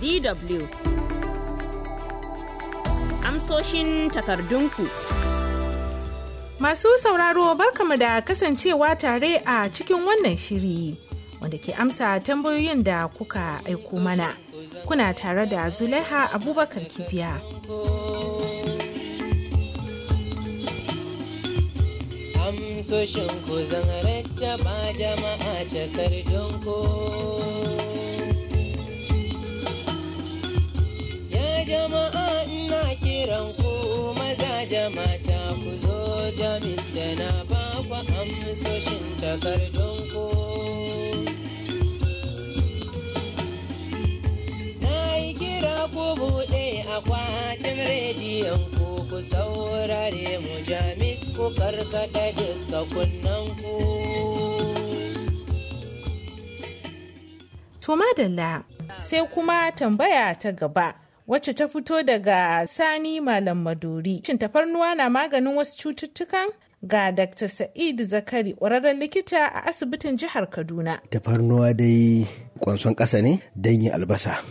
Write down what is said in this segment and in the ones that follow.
DW. Amsoshin takardunku. Masu sauraro barkamu da kasancewa tare a cikin wannan shiri wanda ke amsa tambayoyin da kuka aiko mana. Kuna tare da Zulaiha Abubakar Kibiya. Amsoshin ku zan jama'a takardunku. kiran ku maza jama'ta ku zo jami'in da na ba ku amsoshin takardun ku. Na yi kira ku buɗe akwatin rediyon ku ku saurare mu jamis ku karkata duka kunnen ku. To madalla sai kuma tambaya ta gaba. wacce ta fito daga Sani Malam Maduri. Shin tafarnuwa na maganin wasu cututtukan? Ga Dr. Sa'id Zakari, ƙwararren likita a asibitin jihar Kaduna. Tafarnuwa dai kwanson ƙasa ne don yin albasa.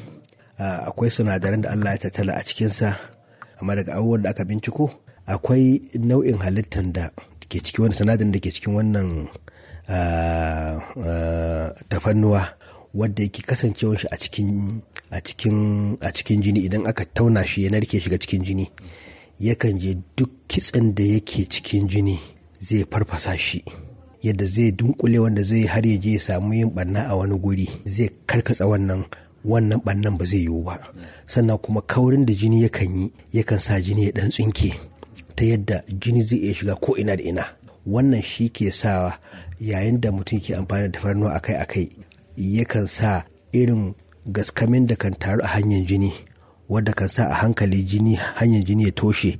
Akwai sinadaran da Allah ya tattala a cikinsa, amma daga abubuwan da aka binciko, akwai nau'in halittar da ke ciki wani sinadarin da ke cikin wannan tafarnuwa. wadda yake kasancewan shi a cikin jini idan aka tauna shi ya narke shiga cikin jini yakan je duk kitsen da yake cikin jini zai farfasa shi yadda zai dunkule wanda zai har ya je samu yin barna a wani guri zai karkatsa wannan wannan bannan ba zai yiwu ba sannan kuma kaurin da jini yakan yi yakan sa jini ya dan tsinke ta yadda jini zai iya shiga ko ina da ina wannan shi ke sawa yayin da mutum ke amfani da tafarnuwa akai-akai yakan sa irin gaskamin da kan taru a hanyar jini wadda kan sa a hankali jini hanyar jini ya toshe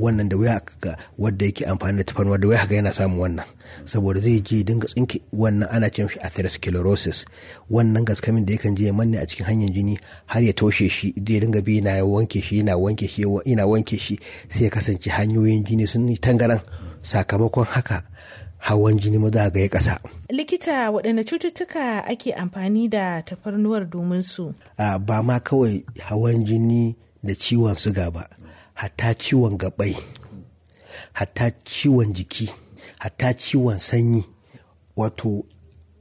wannan da wuya ga wadda yake amfani da tafarnuwa da wuya ga yana samun wannan saboda zai je dinga tsinki wannan ana ce shi atherosclerosis wannan gaskamin da yakan je ya manne a cikin hanyar jini har ya toshe shi zai dinga bi yana wanke shi yana wanke shi yana wanke shi sai ya kasance hanyoyin jini sun yi tangaran sakamakon haka hawan jini maza za ga ya ƙasa. Likita waɗanne cututtuka ake amfani da tafarnuwar domin su? Ba ma kawai hawan jini da ciwon suga ba, hata ciwon gabai, hatta ciwon jiki, hata ciwon sanyi. Wato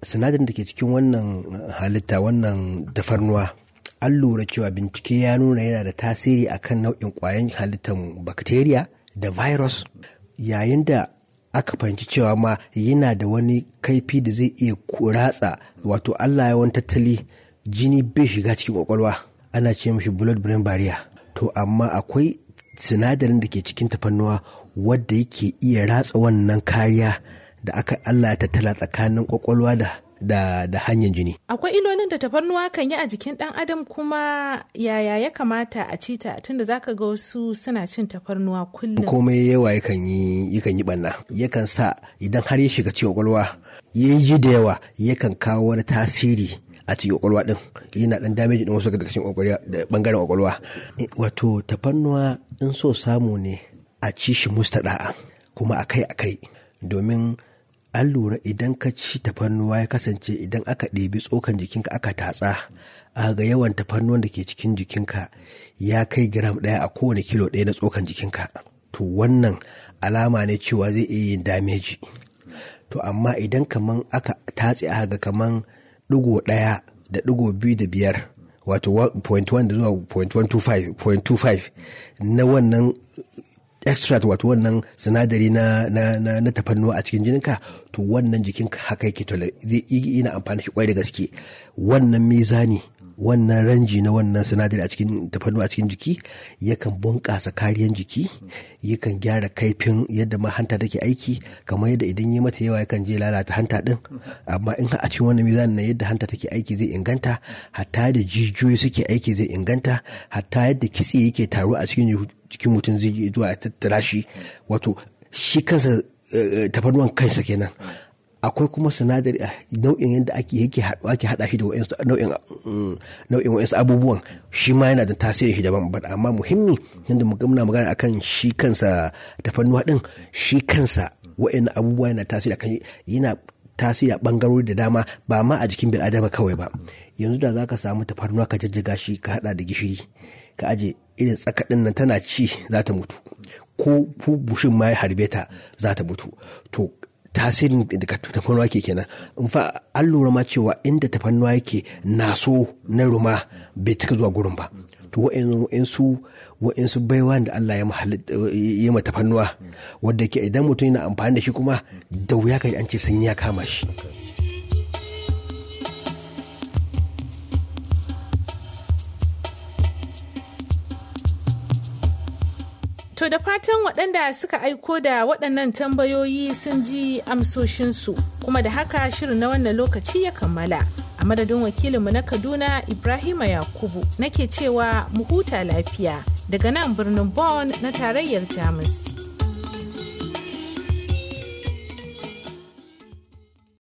sinadarin da ke cikin wannan halitta wannan tafarnuwa an lura cewa bincike ya nuna yana da tasiri akan nau'in kwayan halittar bakteriya da virus yayin da aka fahimci cewa ma yana da wani kaifi da zai iya kuratsa wato Allah ya wani tattali jini bai shiga cikin kwakwalwa ana ce mashi blood brain barrier to amma akwai sinadarin da ke cikin tafannuwa wadda yake iya ratsa wannan kariya da aka Allah ya tattala tsakanin kwakwalwa da da, da hanyar jini. Akwai ilonin da tafarnuwa kan yi a jikin ɗan adam kuma yaya ya kamata a ci ta tunda za ka ga wasu suna cin tafarnuwa kullum. Komai yawa yakan yi yakan yi banna. Yakan sa idan har ya shiga cikin kwakwalwa ya yi da yawa yakan kawo wani tasiri a cikin kwakwalwa ɗin yana ɗan damage ɗin wasu daga cikin kwakwalwa da bangaren kwakwalwa. Wato tafarnuwa in so samu ne a ci shi mustaɗa'a kuma akai-akai domin an lura idan ka ci tafarnuwa ya kasance idan aka ɗebi tsokan jikinka aka tatsa a ga yawan tafarnuwan da ke cikin jikinka ya kai gram ɗaya a kowane kilo ɗaya na tsokan jikinka to wannan alama ne cewa zai iya yin dameji to amma idan kaman aka tatse a ga kaman ɗigo ɗaya da ɗigo biyu da biyar wato 1.1 da zuwa na wannan extract wato wannan sinadari na na na, na tafannuwa a cikin jininka to wannan jikinka haka yake tole zai ina amfani shi kwai da gaske wannan mizani wannan ranji na wannan sinadari a cikin tafannuwa a cikin jiki yakan bunƙasa kariyan jiki yakan gyara kaifin yadda ma hanta take aiki kamar yadda idan yi mata yawa yakan je lalata hanta din amma in a cikin wannan mizani na yadda hanta take aiki zai inganta hatta da jijiyoyi suke aiki zai inganta hatta yadda kitse yake taruwa a cikin jikin mutum zai je zuwa a tattara shi wato shi kansa eh, eh, tafarnuwan kansa kenan akwai kuma sinadari a ah, nau'in yadda ake yake ake hada shi da nau'in mm, abubuwan shi ma yana da tasiri shi daban ba amma muhimmi yadda muna magana akan shi kansa tafarnuwa din shi kansa wa'in abubuwa yana tasiri akan yana tasiri a bangarori da dama ba ma a jikin bil'adama kawai ba yanzu da za ka samu tafarnuwa ka jajjaga shi ka hada da gishiri ka aje irin tsakadin nan tana ci za ta mutu ko bushin ma ya harbe ta za ta mutu to tasirin daga tafannuwa yake kenan in fa an lura ma cewa inda tafannuwa yake naso na ruma bai cika zuwa gurin ba to wa'insu wa'insu baiwa da Allah ya ma tafannuwa wadda ke idan mutum yana amfani da shi kuma da wuya kai an ce sanyi ya kama shi. To da fatan waɗanda suka aiko da waɗannan tambayoyi sun ji amsoshinsu kuma da haka shirin na wannan lokaci ya kammala. A madadin wakilinmu na Kaduna Ibrahima Yakubu nake cewa mu huta lafiya daga nan birnin Bonn na tarayyar Jamus.